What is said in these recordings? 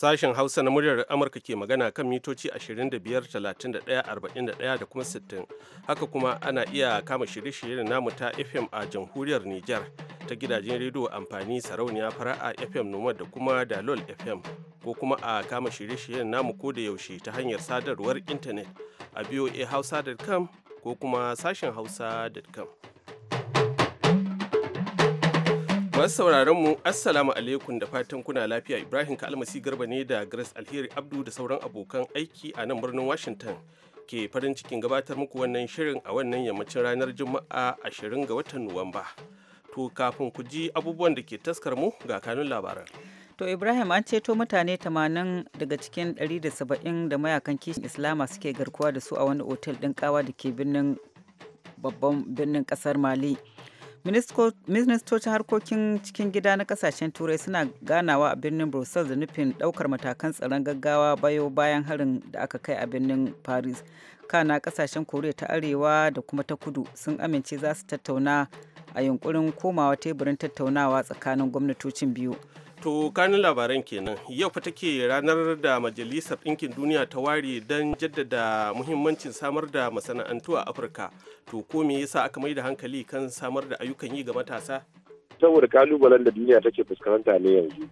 Sashen Hausa na muryar Amurka ke magana kan mitoci 25, 31, 41 da kuma 60. Haka kuma ana iya kama shirye-shiryen namu ta FM a jamhuriyar Nijar ta gidajen rediyo amfani sarauniya fara'a FM noma da kuma Dalol FM. Ko kuma a kama shirye-shiryen namu ko da yaushe ta hanyar sadarwar intanet a Hausa.com ko kuma sashen hausa.com. Masu sauraron mu Assalamu alaikum da fatan kuna lafiya Ibrahim Kalmasi Garba ne da Grace Alheri Abdu da sauran abokan aiki a nan birnin Washington ke farin cikin gabatar muku wannan shirin a wannan yammacin ranar Juma'a 20 ga watan Nuwamba. To kafin ku ji abubuwan da ke taskar mu ga kanun labaran. To Ibrahim an ceto mutane 80 daga cikin 170 da mayakan kishin Islama suke garkuwa da su a wani otel din kawa da ke birnin babban birnin kasar Mali. ministocin harkokin cikin gida na kasashen turai suna ganawa a birnin brussels da nufin daukar matakan tsaron gaggawa bayo bayan harin da aka kai a birnin paris kana kasashen koriya ta arewa da kuma ta kudu sun amince za su tattauna a yunkurin komawa teburin tattaunawa tsakanin gwamnatocin biyu To kanin labaran kenan yau fa take ranar da Majalisar Ɗinkin Duniya ta ware don jaddada muhimmancin samar da masana'antu a Afirka. To ko me yasa aka mai da hankali kan samar da ayyukan yi ga matasa? Saboda kalubalen da duniya take fuskanta ne yanzu.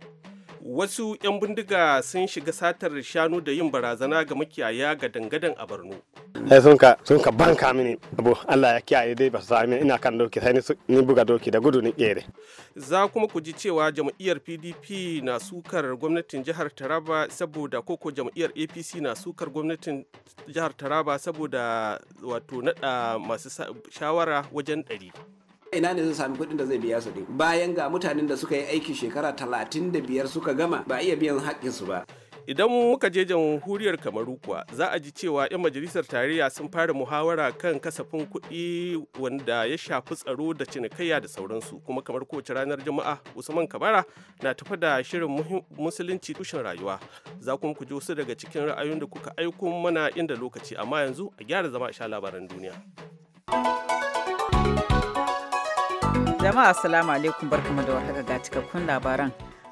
wasu 'yan bindiga sun shiga satar shanu da yin barazana ga makiyaya ga dangadan a borno sai sun ka sun ka banka mini abu allah ya kiyaye dai ba su sami ina kan doki sai ni buga doki da gudu ni kere za kuma ku ji cewa jam'iyyar pdp na sukar gwamnatin jihar taraba saboda koko jam'iyyar apc na sukar gwamnatin jihar taraba saboda wato nada masu shawara wajen ɗari ina ne zai sami kuɗin da zai biya su din bayan ga mutanen da suka yi aiki shekara talatin da biyar suka gama ba iya biyan su ba idan muka je jamhuriyar kamaru kuwa za a ji cewa 'yan majalisar tarayya sun fara muhawara kan kasafin kuɗi wanda ya shafi tsaro da cinikayya da sauransu kuma kamar kowace ranar jama'a usman kabara na tafi da shirin musulunci tushen rayuwa za kuma ku ji wasu daga cikin ra'ayoyin da kuka aiko mana inda lokaci amma yanzu a gyara zama a sha labaran duniya Jama'a assalamu alaikum barkamu da warhaka ga cikakkun labaran.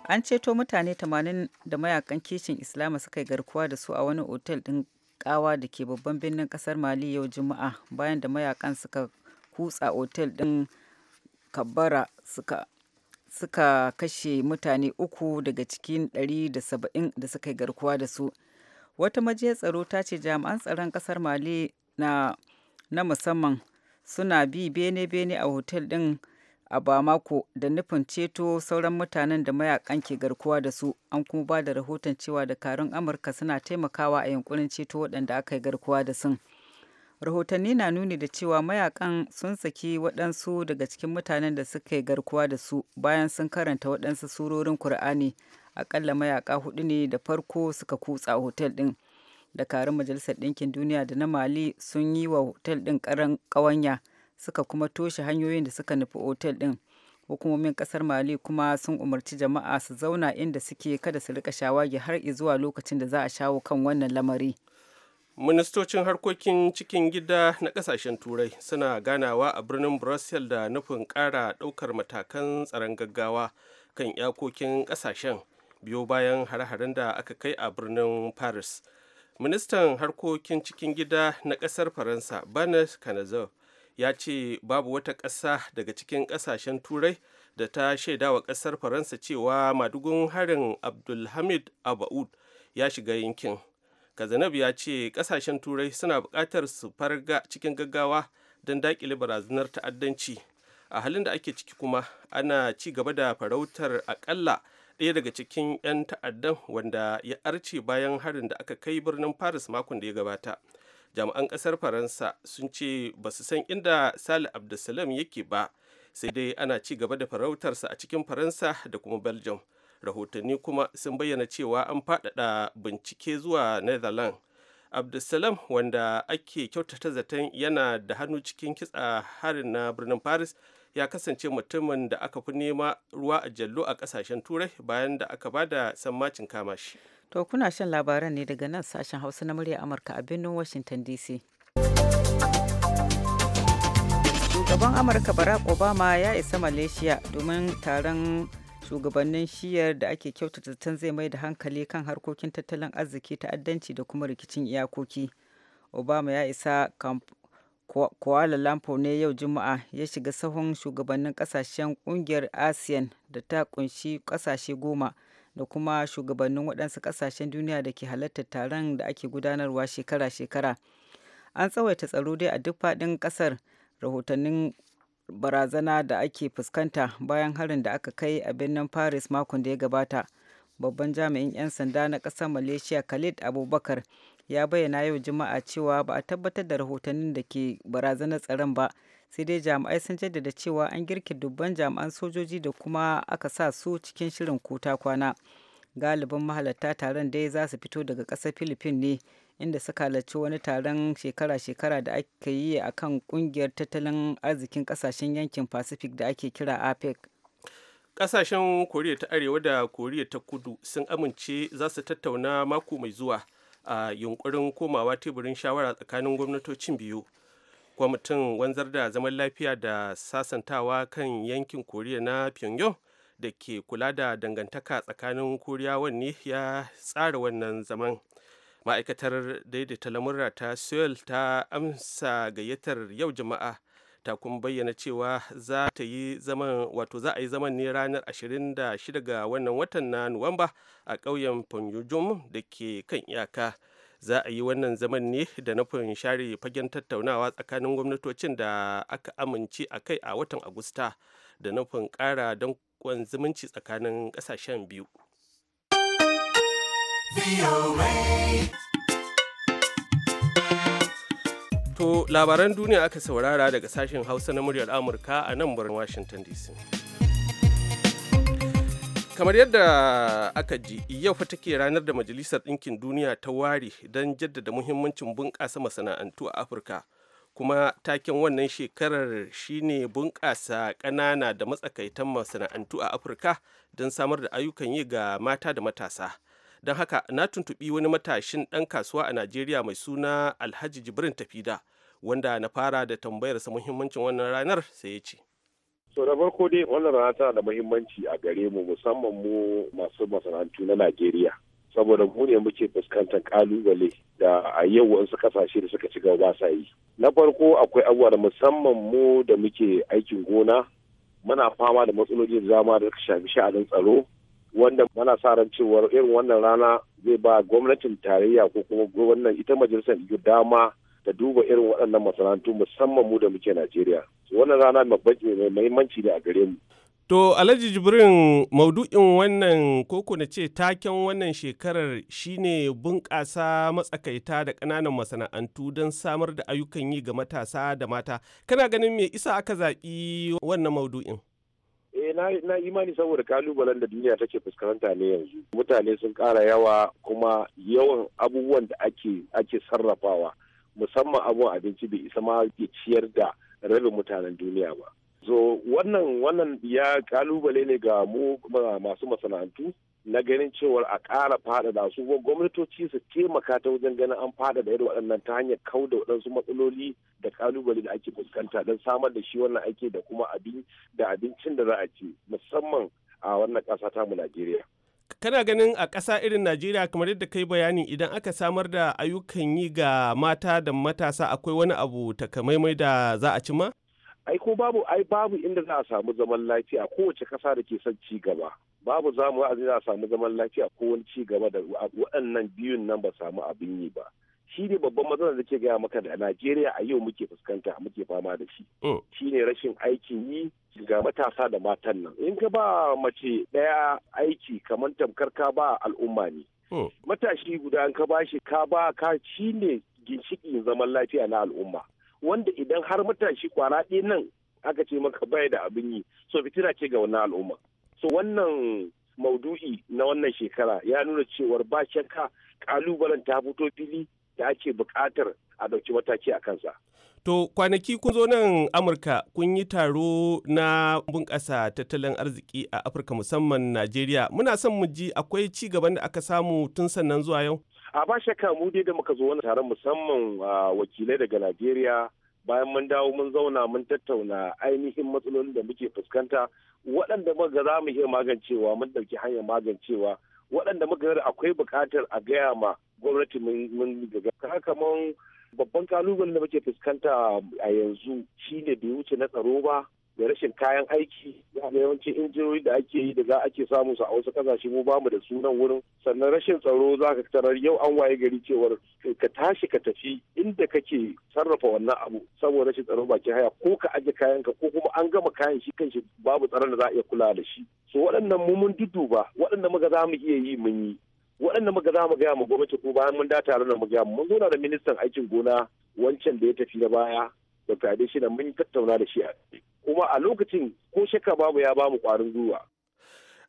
An ceto mutane 80 da mayakan kishin Islama suka yi garkuwa da su a wani otel din kawa da ke babban birnin kasar Mali yau Juma'a bayan da mayakan suka kutsa otel din Kabbara suka suka kashe mutane uku daga cikin 170 da suka yi garkuwa da su. Wata majiyar tsaro ta ce jami'an tsaron kasar Mali na na musamman suna bi bene-bene a hotel ɗin a Bamako da nufin ceto sauran mutanen da mayakan ke garkuwa da su an kuma ba da rahoton cewa dakarun Amurka suna taimakawa a yankunan ceto waɗanda aka yi garkuwa da sun. Rahotanni na nuni da cewa mayakan sun saki waɗansu daga cikin mutanen da suka yi garkuwa da su bayan sun karanta waɗansu surorin Kur'ani. Akalla mayaka hudu ne da farko suka kutsa hotel ɗin. Dakarun Majalisar Ɗinkin Duniya da na Mali sun yi wa hotel ɗin ƙawanya. suka kuma toshe hanyoyin da suka nufi otel din Hukumomin kasar Mali kuma sun umarci jama'a su zauna inda suke kada su rika shawagi har zuwa lokacin da za a shawo kan wannan lamari. ministocin harkokin cikin gida na kasashen turai suna ganawa a birnin brussels da nufin kara daukar matakan tsaron gaggawa kan yakokin kasashen biyo bayan hare-haren da aka kai a birnin paris ministan harkokin cikin gida na kasar faransa bernard canazov ya ce babu wata ƙasa daga cikin ƙasashen turai da ta shaidawa ƙasar faransa cewa madugun harin abdulhamid abaud ya shiga yankin kazanab ya ce ƙasashen turai suna buƙatar su farga cikin gaggawa don daƙile barazanar ta'addanci a halin da ake ciki kuma ana ci gaba da farautar aƙalla ɗaya daga cikin 'yan ta'addan wanda ya arce bayan harin da aka kai birnin paris makon da ya gabata jami'an kasar faransa sun ce ba su san inda sale abdulsalam yake ba sai dai ana ci gaba da farautarsa a cikin faransa da kuma belgium rahotanni kuma sun bayyana cewa an faɗaɗa bincike zuwa netherlands abdulsalam wanda ake kyautata zaton yana da hannu cikin kitsa harin na birnin paris ya kasance mutumin da aka fi nema ruwa a jallo a kasashen turai bayan da aka ba da sammacin kama shi To kuna shan labaran ne daga nan sashen Hausa na murya Amurka a birnin Washington DC. Shugaban Amurka Barack Obama ya isa Malaysia domin taron shugabannin shiyar da ake kyautata zaton zai mai da hankali kan harkokin tattalin arziki ta'addanci da kuma rikicin iyakoki. Obama ya isa Kuala Lumpur ne yau Juma'a ya shiga sahun shugabannin kasashen kungiyar ASEAN da ta kunshi kasashe goma. da kuma shugabannin waɗansu ƙasashen duniya da ke halartar taron da ake gudanarwa shekara-shekara an tsawaita tsaro dai a duk faɗin ƙasar rahotannin barazana da ake fuskanta bayan harin da aka kai a birnin paris makon da ya gabata babban jami'in 'yan sanda na ƙasar malaysia khalid abubakar ya bayyana yau juma'a cewa ba a tabbatar da rahotannin da ke barazanar tsaron ba sai dai jami'ai sun jaddada cewa an girke dubban jami'an sojoji da kuma aka sa su cikin shirin kuta kwana galibin mahalarta taron dai za su fito daga ƙasar philippines ne inda suka halarci wani taron shekara-shekara da aka yi a kan kungiyar tattalin arzikin kasashen yankin pacific da ake kira apec ƙasashen koriya ta arewa da koriya ta kudu sun amince za su tattauna mako mai zuwa a yunkurin komawa teburin shawara tsakanin gwamnatocin biyu kwamitin wanzar da zaman lafiya da sasantawa kan yankin koriya na pyongyang da ke kula da dangantaka tsakanin koriya wanne ya tsara wannan zaman ma'aikatar daidaita lamurra ta seoul ta amsa gayyatar yau jama'a ta kuma bayyana cewa za ta yi zaman wato za a yi zaman ne ranar 26 ga wannan watan na nuwamba a ƙauyen pyongyang da ke kan iyaka za a yi wannan zaman ne da nufin share fagen tattaunawa tsakanin gwamnatocin da aka amince a kai a watan agusta da nufin ƙara dankon zumunci tsakanin ƙasashen biyu To labaran duniya aka saurara daga sashen Hausa na muryar Amurka a nan birnin Washington DC. kamar yadda aka ji yau fa take ranar da majalisar ɗinkin duniya ta ware don jaddada muhimmancin bunƙasa masana'antu a afirka kuma taken wannan shekarar shine bunƙasa ƙanana da matsakaitan masana'antu a afirka don samar da ayyukan yi ga mata da matasa don haka na tuntuɓi wani matashin ɗan kasuwa a najeriya mai suna alhaji jibrin tafida wanda na fara da tambayarsa muhimmancin wannan ranar sai ya ce So da farko dai wannan rana tana da muhimmanci a gare mu musamman mu masu masana'antu na Najeriya. Saboda mu ne muke fuskantar kalubale da a yau wasu kasashe da suka ci gaba ba sa yi. Na farko akwai abubuwa da musamman mu da muke aikin gona muna fama da matsaloli da dama da shafi sha'anin tsaro wanda muna sa ran cewa irin wannan rana zai ba gwamnatin tarayya ko kuma wannan ita majalisar dama da duba irin waɗannan masana'antu musamman mu da muke Najeriya. Wannan rana mai mahimmanci ne a gare mu. To Alhaji Jibrin maudu'in wannan koko na ce taken wannan shekarar shine bunƙasa matsakaita da ƙananan masana'antu don samar da ayyukan yi ga matasa da mata. Kana ganin me isa aka zaɓi wannan maudu'in? Eh na imani saboda kalubalen da duniya take fuskanta ne yanzu. Mutane sun ƙara yawa kuma yawan abubuwan da ake ake sarrafawa. musamman abun abinci bai isa ma ciyar da rabin mutanen duniya ba so wannan wannan ya kalubale ne ga mu masu masana'antu na ganin cewar a ƙara da su ko gwamnatoci su taimaka ta wajen ganin an da irin waɗannan ta hanyar kau da waɗansu matsaloli da kalubale da ake fuskanta don samar da shi wannan ake da kuma abin da abincin da za a ci musamman a wannan ƙasa mu Najeriya. kana ganin a ƙasa irin najeriya kamar yadda kai bayani idan aka samar da ayyukan yi ga mata da matasa akwai wani abu takamaimai da za a cima ai ko babu ai babu inda za a samu zaman lafiya kowace ƙasa da ke son ci gaba babu za mu za a samu zaman lafiya ko wani ci gaba da waɗannan biyun nan ba samu abin yi ba shi ne babban matsalar da ke gaya maka da najeriya a yau muke fuskanta muke fama da shi mm. shi ne rashin aikin yi ga matasa da matan nan in ka ba mace ɗaya aiki kamar tamkar ka ba al'umma ne oh. matashi guda ka ba shi ka ba ka shi ne ginshiƙin zaman lafiya na al'umma wanda idan har matashi kwana ɗaya nan aka ce maka bai da abin yi so fitina ce ga wannan al'umma so wannan maudu'i na wannan shekara ya nuna cewar ba shakka kalubalen ta fito fili da ake buƙatar a ɗauki mataki a kansa To kwanaki kun zo nan Amurka kun yi taro na bunƙasa tattalin arziki a Afirka musamman Najeriya. Muna son mu ji akwai ci gaban da aka samu tun sannan zuwa yau? A ba shakka mu dai da muka zo wani taron musamman wakilai daga Najeriya bayan mun dawo mun zauna mun tattauna ainihin matsalolin da muke fuskanta waɗanda muka za mu iya magancewa mun ɗauki hanyar magancewa waɗanda muka akwai buƙatar a gaya ma gwamnati mun daga kamar babban kalubale da muke fuskanta a yanzu shine bai wuce na tsaro ba da rashin kayan aiki da yawancin injiniyoyi da ake yi da za ake samu su a wasu kasashe mu bamu da sunan wurin sannan rashin tsaro za ka tarar yau an waye gari cewar ka tashi ka tafi inda kake sarrafa wannan abu saboda rashin tsaro baki haya ko ka aje kayan ka ko kuma an gama kayan shi kanshi babu tsaron da za a iya kula da shi so waɗannan mu mun duduba waɗanda muka za mu iya yi mun yi waɗanda muka za mu gaya mu gwamnati ko bayan mun da tare da mu gaya mun zauna da ministan aikin gona wancan da ya tafi na baya da fade shi mun tattauna da shi a kuma a lokacin ko shakka babu ya bamu kwarin gwiwa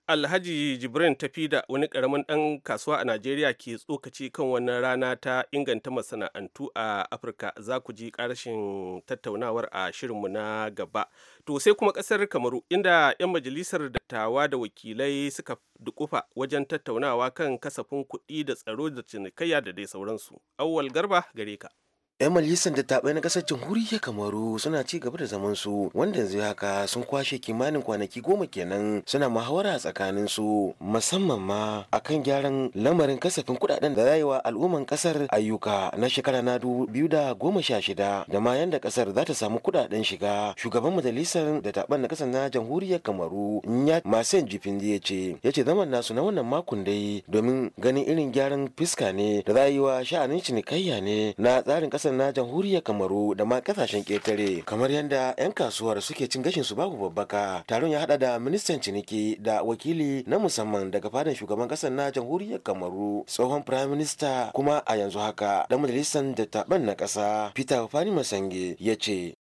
alhaji jibrin tafi da wani karamin ɗan kasuwa a najeriya ke tsokaci kan wannan rana ta inganta masana'antu a afirka za ku ji ƙarshen tattaunawar a shirinmu na gaba to sai kuma ƙasar kamaru inda 'yan majalisar dattawa da wakilai suka dukufa wajen tattaunawa kan kasafin kuɗi da tsaro da cinikayya da dai sauransu auwal garba gare ka 'yan majalisar taɓa na kasar jamhuriyar kamaru suna ci gaba da zaman su wanda yanzu haka sun kwashe kimanin kwanaki goma kenan suna muhawara tsakanin su musamman ma akan gyaran lamarin kasafin kudaden da rayuwa al'umman kasar ayyuka na shekara na biyu da goma sha shida da ma yanda kasar za ta samu kudaden shiga shugaban majalisar taɓa na ƙasar na jamhuriyar kamaru ya masen jifindi ya ce ya ce zaman nasu na wannan makon dai domin ganin irin gyaran fiska ne da rayuwa sha'anin cinikayya ne na tsarin ƙasar. kasar na jamhuriyar kamaru da ma kasashen ketare kamar yadda 'yan kasuwar suke cin gashin su babu babbaka taron ya hada da ministan ciniki da wakili na musamman daga fadan shugaban kasar na jamhuriyar kamaru tsohon prime minister kuma a yanzu haka da majalisar dattaban na kasa peter fani masange ya ce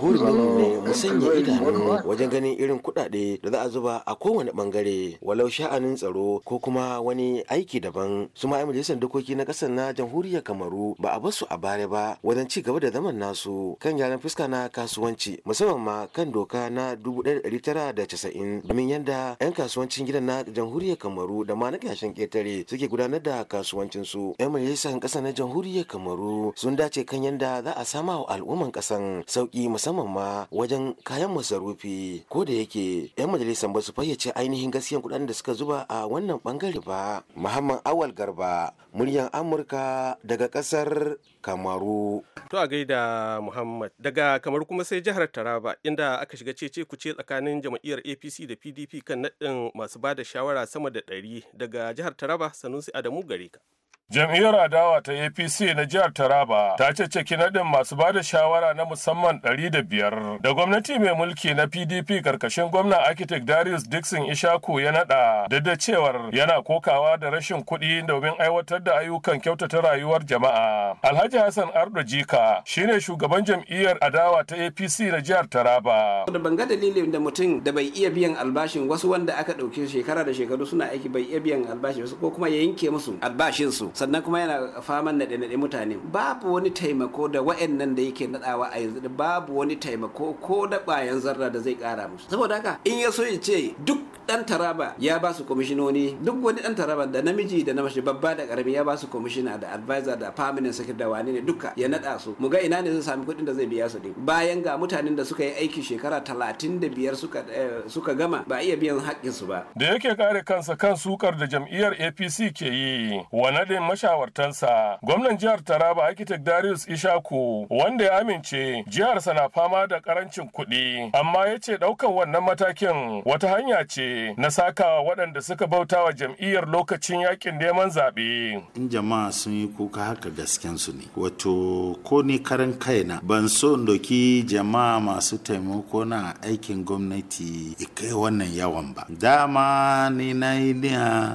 hurumin ne mu idanu wajen ganin irin kudade da za a zuba a kowane bangare walau sha'anin tsaro ko kuma wani aiki daban su ma majalisar dokoki na kasar na jamhuriyar kamaru ba a basu a bare ba wajen ci gaba da zaman nasu kan gyaran fuska na kasuwanci musamman ma kan doka na da casa'in domin yadda 'yan kasuwancin gidan na jamhuriyar kamaru da ma na kashin ketare suke gudanar da kasuwancin su 'yan majalisar kasa na jamhuriyar kamaru sun dace kan yadda za a sama wa al'umman kasan sauki musamman ma wajen kayan masarufi ko da yake 'yan majalisar ba su fayyace ainihin gaskiyan kudaden da suka zuba a wannan bangare ba muhammad awal garba muryar amurka daga kasar kamaru to a gaida muhammad daga kamar kuma sai jihar taraba inda aka shiga cece kuce tsakanin jam'iyyar apc da pdp kan naɗin masu ba da shawara sama da ɗari daga jihar taraba sanusi adamu gare ka Jam'iyyar adawa ta APC na jihar Taraba ta ceceki naɗin masu ba da shawara na musamman ɗari da biyar. Da gwamnati mai mulki na PDP karkashin gwamna architect Darius Dixon Ishaku ya naɗa da da cewar yana kokawa da rashin kuɗi domin aiwatar da ayyukan kyautata rayuwar jama'a. Alhaji Hassan Ardo Jika shine shugaban jam'iyyar adawa ta APC na jihar Taraba. Da ban ga dalilin da mutum da bai iya biyan albashin wasu wanda aka ɗauke shekara da shekaru suna aiki bai iya biyan albashin ko kuma ya yanke musu albashinsu sannan kuma yana faman naɗe naɗe mutane babu wani taimako da nan da yake naɗawa a yanzu babu wani taimako ko da bayan zarra da zai ƙara musu saboda haka in ya so ya ce duk ɗan taraba ya ba su kwamishinoni duk wani ɗan taraba da namiji da na mace babba da ƙarami ya ba su kwamishina da advisor da permanent secretary da wani ne duka ya naɗa su mu ga ina ne zai sami kuɗin da zai biya su ɗin bayan ga mutanen da suka yi aiki shekara talatin da biyar suka eh, gama ba iya biyan haƙƙinsu ba da yake kare kansa kan sukar da jam'iyyar APC ke yi wa naɗin mashawartansa. Gwamnan jihar Taraba Architect Darius Ishaku wanda ya amince jiharsa na fama da karancin kuɗi amma ya ce ɗaukan wannan matakin wata hanya ce na saka waɗanda suka bauta wa jam'iyyar lokacin yakin neman zaɓe. In jama'a sun yi kuka haka gasken su ne. Wato ko ni karan kaina ban so in doki jama'a masu taimako na aikin gwamnati kai wannan yawan ba. Dama ni na yi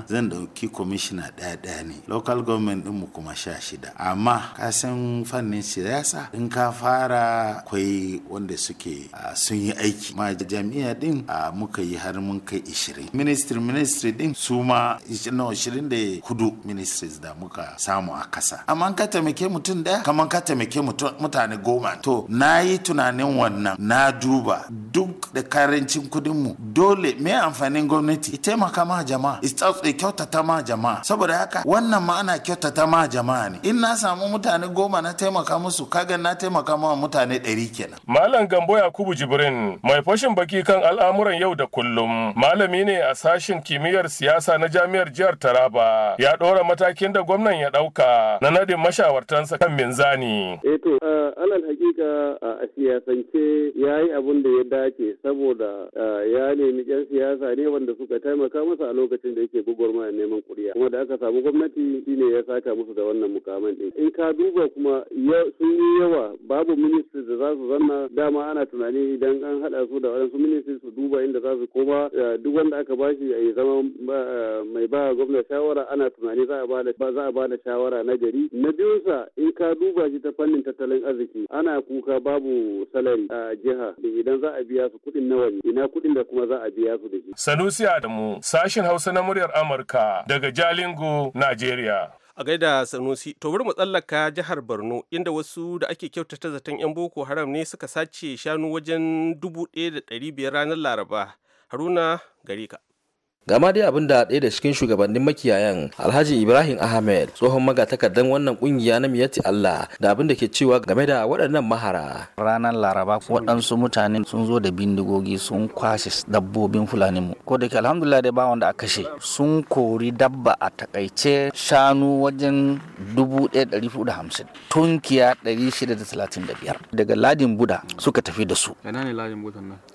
zan ɗauki kwamishina ɗaya ɗaya ne. Local government din mu kuma sha shida amma ka san fannin siyasa in ka fara kwai wanda suke sun yi aiki ma jami'a din muka yi har mun kai ishirin ministry ministry din su ma ishirin da kudu ministries da muka samu a kasa amma ka taimake mutum daya kama ka taimake mutane goma to na yi tunanin wannan na duba duk da karancin kudin mu dole me amfanin gwamnati ita taimaka ma jama'a ita kyautata ma jama'a saboda haka wannan ma ana kyautata ma jama'a ne in na samu mutane goma na taimaka musu kaga na taimaka ma mutane ɗari kenan. malam gambo yakubu jibrin mai fashin baki kan al'amuran yau da kullum malami ne a sashen kimiyyar siyasa na jami'ar jihar taraba ya ɗora matakin da gwamnan ya ɗauka na nadin mashawartansa kan minzani. eto eh alal hakika a siyasance ya yi abin da ya dace saboda ya nemi 'yan siyasa ne wanda suka taimaka masa a lokacin da yake gugurma neman kuriya kuma da aka samu gwamnati ne ya saka musu da wannan mukaman din in ka duba kuma sun yi yawa babu ministry da za su zanna dama ana tunani idan an hada su da wadansu ministry su duba inda za su koma duk wanda aka bashi ya zama mai ba gwamna shawara ana tunani za a bada za a bada shawara na gari na biyunsa in ka duba shi ta fannin tattalin arziki ana kuka babu salari a jiha da idan za a biya su kuɗin nawa ne ina kuɗin da kuma za a biya su da shi sanusi adamu sashin hausa na muryar amurka daga jalingo najeriya a gaida sanusi to bari mu tsallaka jihar borno inda wasu da ake kyautata zaton 'yan boko haram ne suka sace shanu wajen 1,500 ranar laraba haruna gare ka gama dai abin da ɗaya da cikin shugabannin makiyayan alhaji ibrahim ahmed tsohon magatakardan wannan kungiya na miyati allah da abin da ke cewa game da waɗannan mahara ranar laraba waɗansu mutane sun zo da bindigogi sun kwashe dabbobin fulani mu ko da ke alhamdulillah dai ba wanda a kashe sun kori dabba a takaice shanu wajen dubu ɗaya ɗari hamsin tunkiya ɗari shida da daga ladin buda suka tafi da su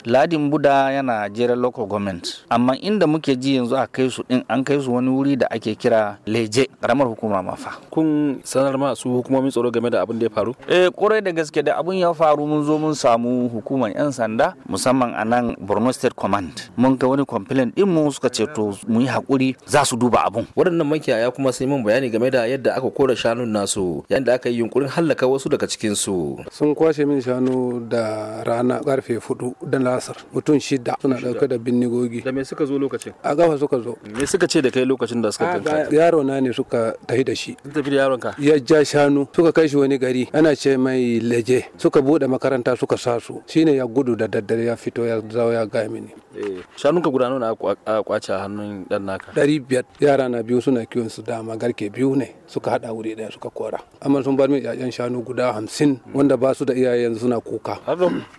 ladin buda yana jeren local government amma inda muke ji yanzu a kai su din an kai su wani wuri da ake kira leje karamar hukumar mafa kun sanar ma su hukumomin tsaro game da abin da ya faru eh kurai da gaske da abin ya faru mun zo mun samu hukumar yan sanda musamman a nan Borno State Command mun ga wani complaint din mu suka ce to mu yi hakuri za su duba abun waɗannan makiyaya kuma sai mun bayani game da yadda aka kora shanun nasu yadda aka yi yunkurin hallaka wasu daga cikin su sun kwashe min shanu da rana karfe 4 da lasar mutum shida suna dauke da binnigogi da me suka zo lokacin a gafa suka zo me suka ce da kai lokacin da suka ganka yaro na ne suka tafi da shi tafi da yaron ka ya ja shanu suka kai shi wani gari ana ce mai leje suka bude makaranta suka sa su shine ya gudu da daddare ya fito ya zawo ya ga mini Eh, shanun ka guda nuna a kwace hannun dan naka dari biyar yara na biyu suna kiwon su dama garke biyu ne suka hada wuri daya suka kora amma sun bar min yayan shanu guda hamsin wanda ba su da iyaye yanzu suna kuka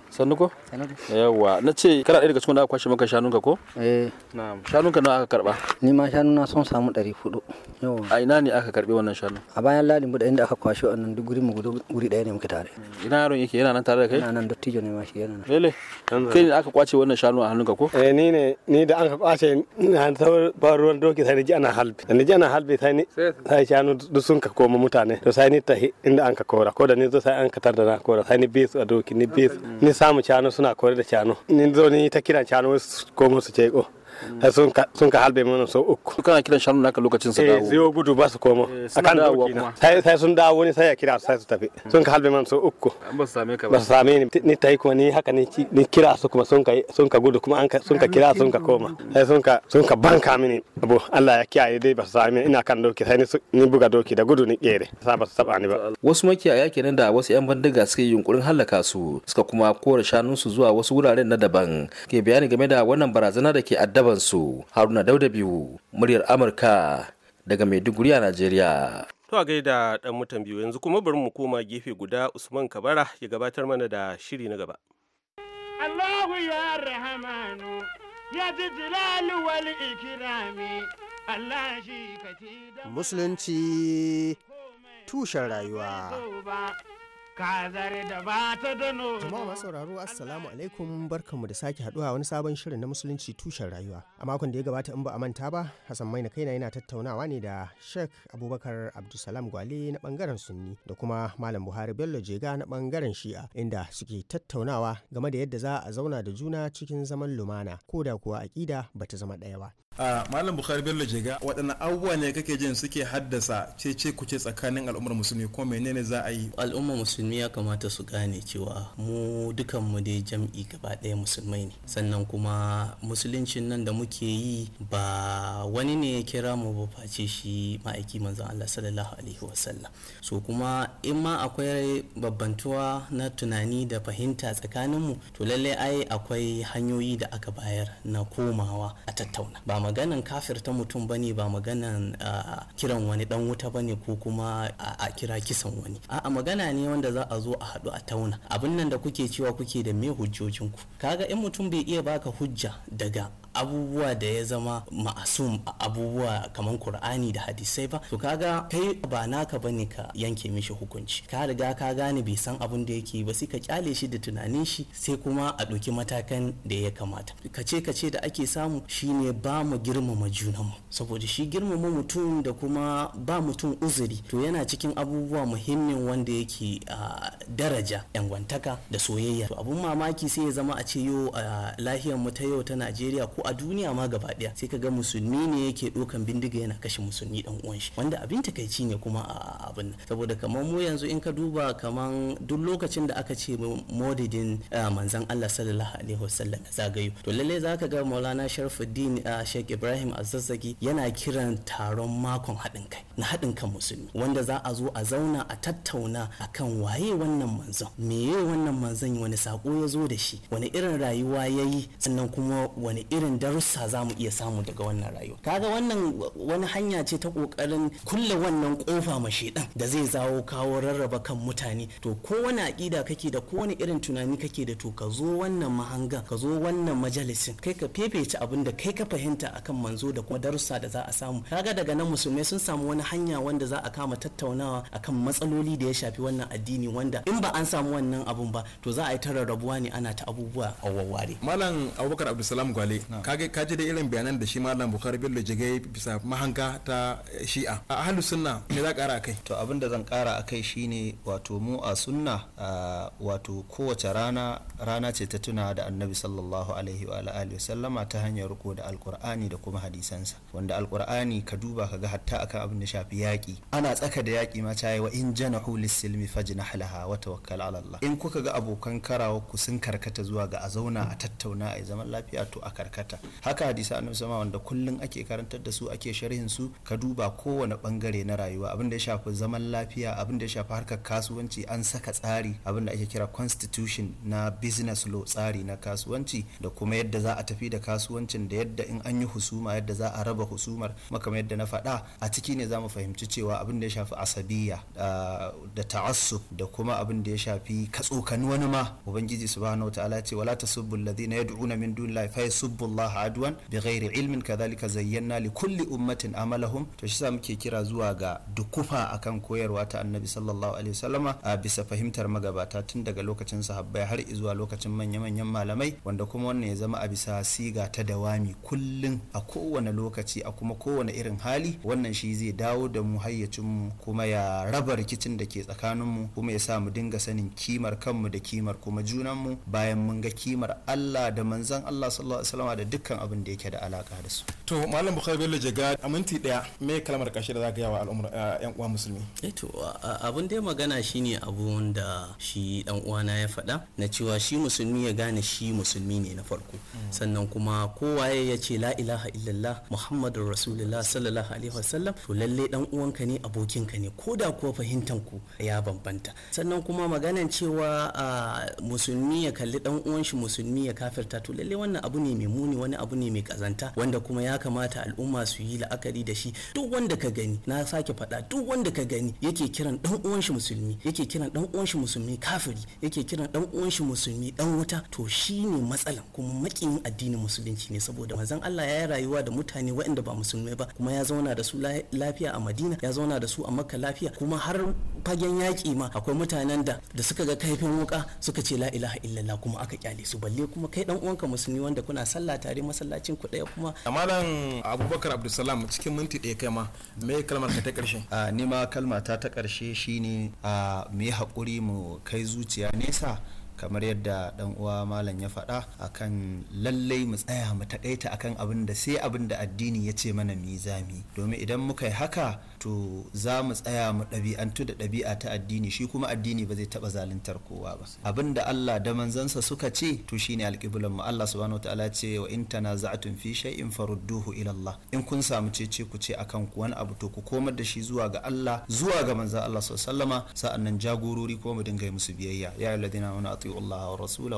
sannu ko yawa na ce kana ɗaya daga cikin da aka kwashe maka shanunka ko eh na'am shanunka nawa aka karba ni ma na son samu 400 yawa a ina ne aka karbe wannan shanu a bayan ladin da inda aka kwashe wannan duk gurin mu guri daya ne muke tare ina yaron yake yana nan tare da kai ina nan dattijo ne ma shi yana nan lele kai ne aka kwace wannan shanu a hannunka ko eh ni ne ni da an ka kwace na tawar ruwan doki sai ji ana halbi da ji ana halbi sai ni sai anu du sun ka koma mutane to sai ni ta inda an ka kora ko da ni zo sai an ka tarda na kora sai ni bi su a doki ni bi ni samu shanu suna kore da shanu ni zo ni ta kiran shanu ko su ce ko Eh, sun ka halbe mana sau uku kana kiran shanu naka lokacin su eh, dawo zai gudu ba su koma eh, akan dawo kuma. sai sun dawo ne sai ya kira sai su tafi hmm. sun ka halbe mana sau uku ba su same ka ba Ba su same ni ni tai kuma ni haka ni ni kira su kuma sun ka sun ka gudu kuma an ka sun ka kira sun ka koma sai sun ka sun ka banka mini abu Allah ya kiyaye dai ba su same ina kan doki sai ni buga doki da gudu ni kere sa ba su taba ni ba wasu makiyaya kenan da wasu yan bandiga suka yi yunkurin halaka su suka kuma kore shanunsu zuwa wasu wuraren na daban ke bayani game da wannan barazana da ke addaba su haruna dauda biyu muryar amurka daga maiduguri a najeriya to a gaida dan mutan biyu yanzu kuma bari mu koma gefe guda usman kabara ya gabatar mana da shiri na gaba allahu ya rahamanu ya ji jilali wal ikirami allah shi ka musulunci tushen rayuwa Jama'a masu sauraro assalamu alaikum barkanmu da sake haduwa wani sabon shirin na musulunci tushen rayuwa. A makon da ya gabata in ba a manta ba, Hassan Maina kaina yana tattaunawa ne da Sheikh Abubakar Abdulsalam Gwale na bangaren Sunni da kuma Malam Buhari Bello Jega na bangaren Shi'a inda suke tattaunawa game da yadda za a zauna da juna cikin zaman lumana ko da kuwa akida ta zama ɗaya ba. a malam bukhari bello jega waɗanne abubuwa ne kake jin suke haddasa cece kuce tsakanin al'ummar musulmi ko menene za a yi al'ummar musulmi ya kamata su gane cewa mu dukan mu dai jam'i gaba ɗaya musulmai ne sannan kuma musuluncin nan da muke yi ba wani ne ya kira mu ba face shi ma'aiki manzon Allah sallallahu alaihi wasallam so kuma in ma akwai babbantuwa na tunani da fahimta tsakanin mu to lallai ai akwai hanyoyi da aka bayar na komawa a tattauna maganan kafirta mutum bane ba maganan kiran wani dan wuta bane ko kuma a kira kisan wani a'a magana ne wanda za a zo a haɗu a tauna abin nan da kuke cewa kuke da me hujjojinku kaga in mutum bai iya baka hujja daga abubuwa da ya zama ma'asum abubuwa kamar Kur'ani da hadisai ba to kaga kai ba naka ba bane ka yanke mishi hukunci ka riga ka gane bai san abin da yake ba sai ka kyale shi da tunanin shi sai kuma a ɗauki matakan da ya kamata kace kace da ake samu shine ba mu girmama junanmu saboda shi girmama mutum da kuma ba mutum uzuri to yana cikin abubuwa muhimmin wanda yake a daraja yangwantaka da soyayya to abun mamaki sai ya zama a ce yau a lahiyar mu ta yau ta Najeriya ko ko a duniya ma gaba daya sai ga musulmi ne yake dokan bindiga yana kashe musulmi dan uwan shi wanda abin takaici ne kuma a abin nan saboda kamar mu yanzu in ka duba kamar duk lokacin da aka ce modidin manzon Allah sallallahu alaihi wasallam zagayo to lalle zaka ga Maulana Sharifuddin Sheikh Ibrahim Azzazzaki yana kiran taron makon haɗin kai na haɗin kan musulmi wanda za a zo a zauna a tattauna akan waye wannan manzon meye wannan manzon wani sako ya zo da shi wani irin rayuwa yayi sannan kuma wani irin irin darussa za mu iya samu daga wannan rayuwa kaga wannan wani hanya ce ta kokarin kulle wannan kofa ma shedan da zai zawo kawo rarraba kan mutane to kowane aƙida kake da kowane irin tunani kake da to ka zo wannan mahanga ka zo wannan majalisin kai ka fefece abin da kai ka fahimta akan manzo da kuma darussa da za a samu kaga daga nan musulmai sun samu wani hanya wanda za a kama tattaunawa akan matsaloli da ya shafi wannan addini wanda in ba an samu wannan abun ba to za a yi ta rarrabuwa ne ana ta abubuwa a wawware malam abubakar abdulsalam gwale ka ji da irin bayanan da shi malam bukari bello jigai bisa mahanga ta eh, shi'a a ahlus sunna me za kara akai to abin da zan kara akai shine wato mu a sunna wato kowace rana rana ce ta tuna da annabi sallallahu alaihi wa alihi sallama ta hanyar ruko da alkur'ani da kuma hadisansa wanda alqur'ani ka duba ka ga hatta akan abin da shafi yaki ana tsaka da yaki ma tayi wa in janahu lis-silmi fajnah halaha wa tawakkal ala Allah in kuka ga abokan karawa ku sun karkata zuwa ga a zauna a tattauna a zaman lafiya to a karkata haka hadisa annabi sama wanda kullun ake karantar da su ake sharhin su ka duba kowane bangare na rayuwa abin da ya shafi zaman lafiya abin da ya shafi harkar kasuwanci an saka tsari abin da ake kira constitution na business law tsari na kasuwanci da kuma yadda za a tafi da kasuwancin da yadda in an yi husuma yadda za a raba husumar makama yadda na faɗa a ciki ne za mu fahimci cewa abin da ya shafi asabiya ah, da ta'assub da kuma abin da ya shafi katsokan wani ma ubangiji subhanahu wataala ta'ala ce wala tasubbu alladhina yad'una min dunillahi fa yasubbu Allah aduwan bi ghairi ilmin kadhalika zayyana li kulli ummatin amalahum to shi sa muke kira zuwa ga dukufa akan koyarwa ta Annabi sallallahu alaihi wasallama a bisa fahimtar magabata tun daga lokacin sahabbai har zuwa lokacin manya-manyan malamai wanda kuma wannan ya zama a bisa siga ta dawami kullum a kowane lokaci a kuma kowane irin hali wannan shi zai dawo da mu hayyacin mu kuma ya raba rikicin da ke tsakanin mu kuma ya sa mu dinga sanin kimar kanmu da kimar kuma junan mu bayan mun ga kimar Allah da manzon Allah sallallahu alaihi wasallama da dukkan abin da yake da alaka da su to malam bukhari bello jaga a minti daya me kalmar kashi da za zaka yawa al'umma yan uwa musulmi eh to abin da ya magana shine abun da shi dan uwana ya faɗa na cewa shi musulmi ya gane shi musulmi ne na farko mm. sannan kuma kowaye ya ce la ilaha illallah muhammadur rasulullah sallallahu alaihi wasallam to lalle dan uwanka ne abokinka ne koda kuwa fahimtan ku ya bambanta sannan kuma maganan cewa musulmi ya kalli dan uwan shi musulmi ya kafirta to lalle wannan abu ne mai muni wani abu ne mai kazanta wanda kuma ya kamata al'umma su yi la'akari da shi duk wanda ka gani na sake faɗa duk wanda ka gani yake kiran dan uwan shi musulmi yake kiran dan uwan shi musulmi kafiri yake kiran dan uwan shi musulmi dan wuta to shine matsalan kuma makin addinin musulunci ne saboda manzon Allah ya yi rayuwa da mutane waɗanda ba musulmai ba kuma ya zauna da su lafiya a Madina ya zauna da su a Makka lafiya kuma har fagen yaƙi ma akwai mutanen da da suka ga kaifin wuka suka ce la ilaha illallah kuma aka kyale su balle kuma kai dan uwanka musulmi wanda kuna sallah tare masallacin ku daya kuma malam abubakar abdulsalam cikin minti daya kai ma me kalmar ta karshe a ni ma kalma ta ta ƙarshe shine a me hakuri mu kai zuciya nesa kamar yadda dan uwa malam ya faɗa akan lallai mu tsaya mu takaita akan abin da sai abin da addini ya ce mana mizami domin idan muka yi haka to za mu tsaya mu ɗabi'antu da ɗabi'a ta addini shi kuma addini ba zai taɓa zaluntar kowa ba abin da Allah da manzansa suka ce to shine alƙiblan mu Allah subhanahu ta'ala ce wa in tanaza'tum fi shay'in farudduhu ila Allah in kun samu cece ku ce akan ku wani abu to ku komar da shi zuwa ga Allah zuwa ga manzon Allah sallallahu alaihi wasallama sa'annan jagorori ko mu dinga musu biyayya ya ayyuhallazina amanu atiu Allah wa rasula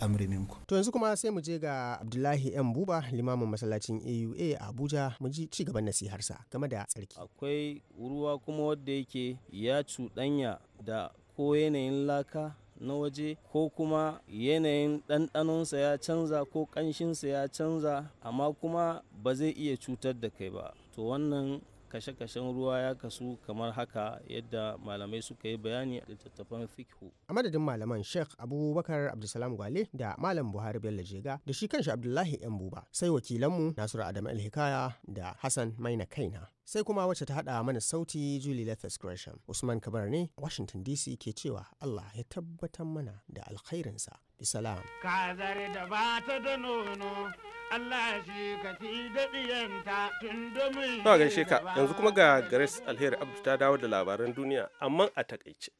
amri wa to yanzu kuma sai mu je ga Abdullahi M Buba limamin masallacin AUA a Abuja mu ji ci gaban nasiharsa game da tsarki akwai ruwa kuma wanda yake ya cuɗanya da ko yanayin laka na waje ko kuma yanayin ɗanɗanonsa ya canza ko ƙanshinsa ya canza amma kuma ba zai iya cutar da kai ba to wannan kashe-kashen ruwa ya kasu kamar haka yadda malamai suka yi bayani a littattafan fikhu. A madadin malaman Sheikh Abubakar Abdulsalam Gwale da Malam Buhari Bello Jega da shi kanshi Abdullahi Yan Buba sai wakilanmu Nasiru Adamu Alhikaya da Hassan Maina Kaina. Sai kuma wacce ta haɗa mana sauti Julie Lethas Gresham. Usman Kabar ne Washington DC ke cewa Allah ya tabbatar mana da alkhairinsa. bisalam kazar da ba ta da nono Allah shi ka fi daɗiyanta tun domin gaishe ka yanzu kuma ga Grace Alheri Abdu ta dawo da labaran duniya amma a takaice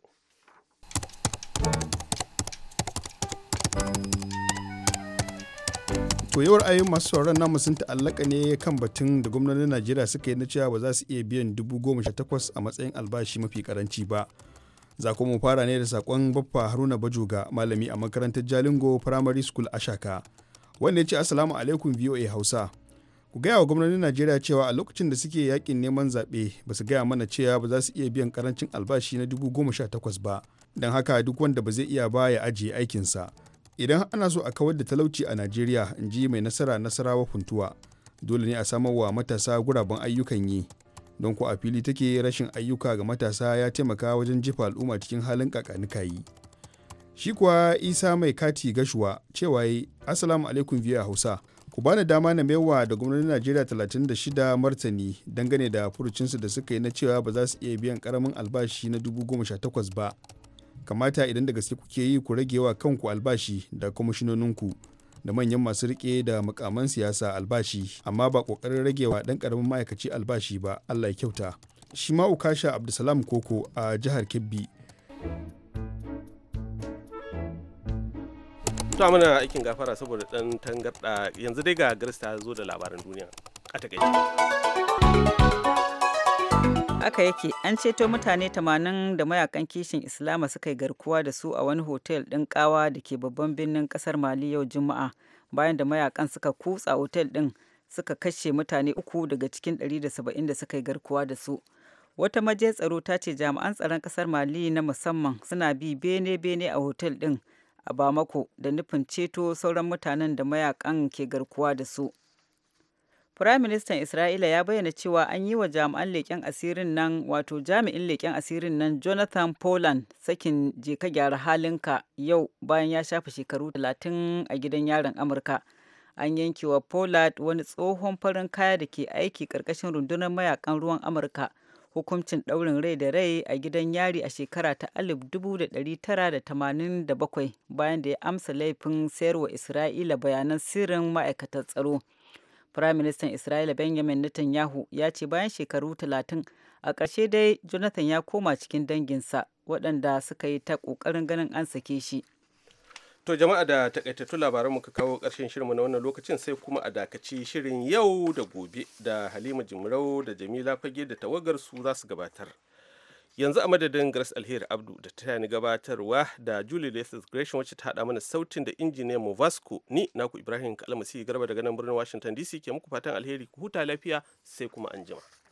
koyewar ayyukan masu sauran namu sun ta'allaka ne kan batun da gwamnatin najeriya suka yi na cewa ba za su iya biyan dubu goma sha takwas a matsayin albashi mafi karanci ba za kuma fara ne da sakon baffa haruna bajoga malami a makarantar jalingo primary school a shaka wanda ya ce asalamu alaikum voa hausa ku gaya wa gwamnatin najeriya cewa a lokacin da suke yakin neman zaɓe ba su gaya mana cewa ba za su iya biyan karancin albashi na dubu goma sha takwas ba don haka duk wanda ba zai iya ba ya ajiye aikinsa idan ana so a kawar da talauci a najeriya in ji mai nasara nasarawa kuntuwa dole ne a samar wa matasa guraben ayyukan yi don ku a fili take rashin ayyuka ga matasa ya taimaka wajen jefa al'umma cikin halin kakanikayi shi kuwa isa mai kati gashuwa cewa yi assalamu alaikum biya hausa ku bani dama na mewa da gwamnatin najeriya 36 martani dangane da furucinsu da suka yi na cewa ba za su iya biyan karamin albashi na 2018 ba kamata idan da gaske kuke yi ku rage wa kanku albashi da kwamishinoninku da manyan masu rike da mukaman siyasa albashi amma ba kokarin ragewa dan karamin ma'aikaci albashi ba Allah ya kyauta shi ma ukasha abdulsalam koko a jihar kebbi to mana aikin gafara saboda dan tangarda yanzu dai ga garista zo da labaran duniya a takaice haka yake an ceto mutane 80 da mayakan kishin islama suka yi garkuwa da su a wani hotel ɗin kawa da ke babban birnin ƙasar mali yau juma'a bayan da mayakan suka kutsa hotel ɗin suka kashe mutane uku daga cikin 170 da suka yi garkuwa da su wata maje tsaro ta ce jami'an tsaron ƙasar mali na musamman suna bi bene-bene a hotel ɗin a bamako da nufin ceto sauran mutanen da mayakan ke garkuwa da su Firaministan Isra'ila ya bayyana cewa an yi wa jami'an leƙen asirin nan wato jami'in leƙen asirin nan Jonathan Poland sakin je ka gyara halinka yau bayan ya shafe shekaru talatin a gidan yaron Amurka. An wa Poland wani tsohon farin kaya da ke aiki ƙarƙashin rundunar mayakan ruwan Amurka hukuncin ɗaurin rai da rai a gidan yari a shekara ta 1987 bayan da ya amsa laifin sayarwa Isra'ila bayanan sirrin ma'aikatar tsaro. Firaministan Isra'ila Benjamin Netanyahu ya ce bayan shekaru talatin a ƙarshe dai Jonathan ya koma cikin danginsa waɗanda suka yi ta ƙoƙarin ganin an sake shi. To jama'a da takaitattun labaran muka kawo ƙarshen shirinmu na wannan lokacin sai kuma a dakaci shirin yau da gobe da Halima Jimrau da Jamila Fage da tawagar su za su gabatar. yanzu a madadin grace alheri abdu da ta ni gabatarwa da julie lethal gresham wacce ta hada mana sautin da injiniyan mu vasco ni naku ibrahim kalmasi garba daga nan birnin washington dc ke muku fatan alheri ku huta lafiya sai kuma anjima.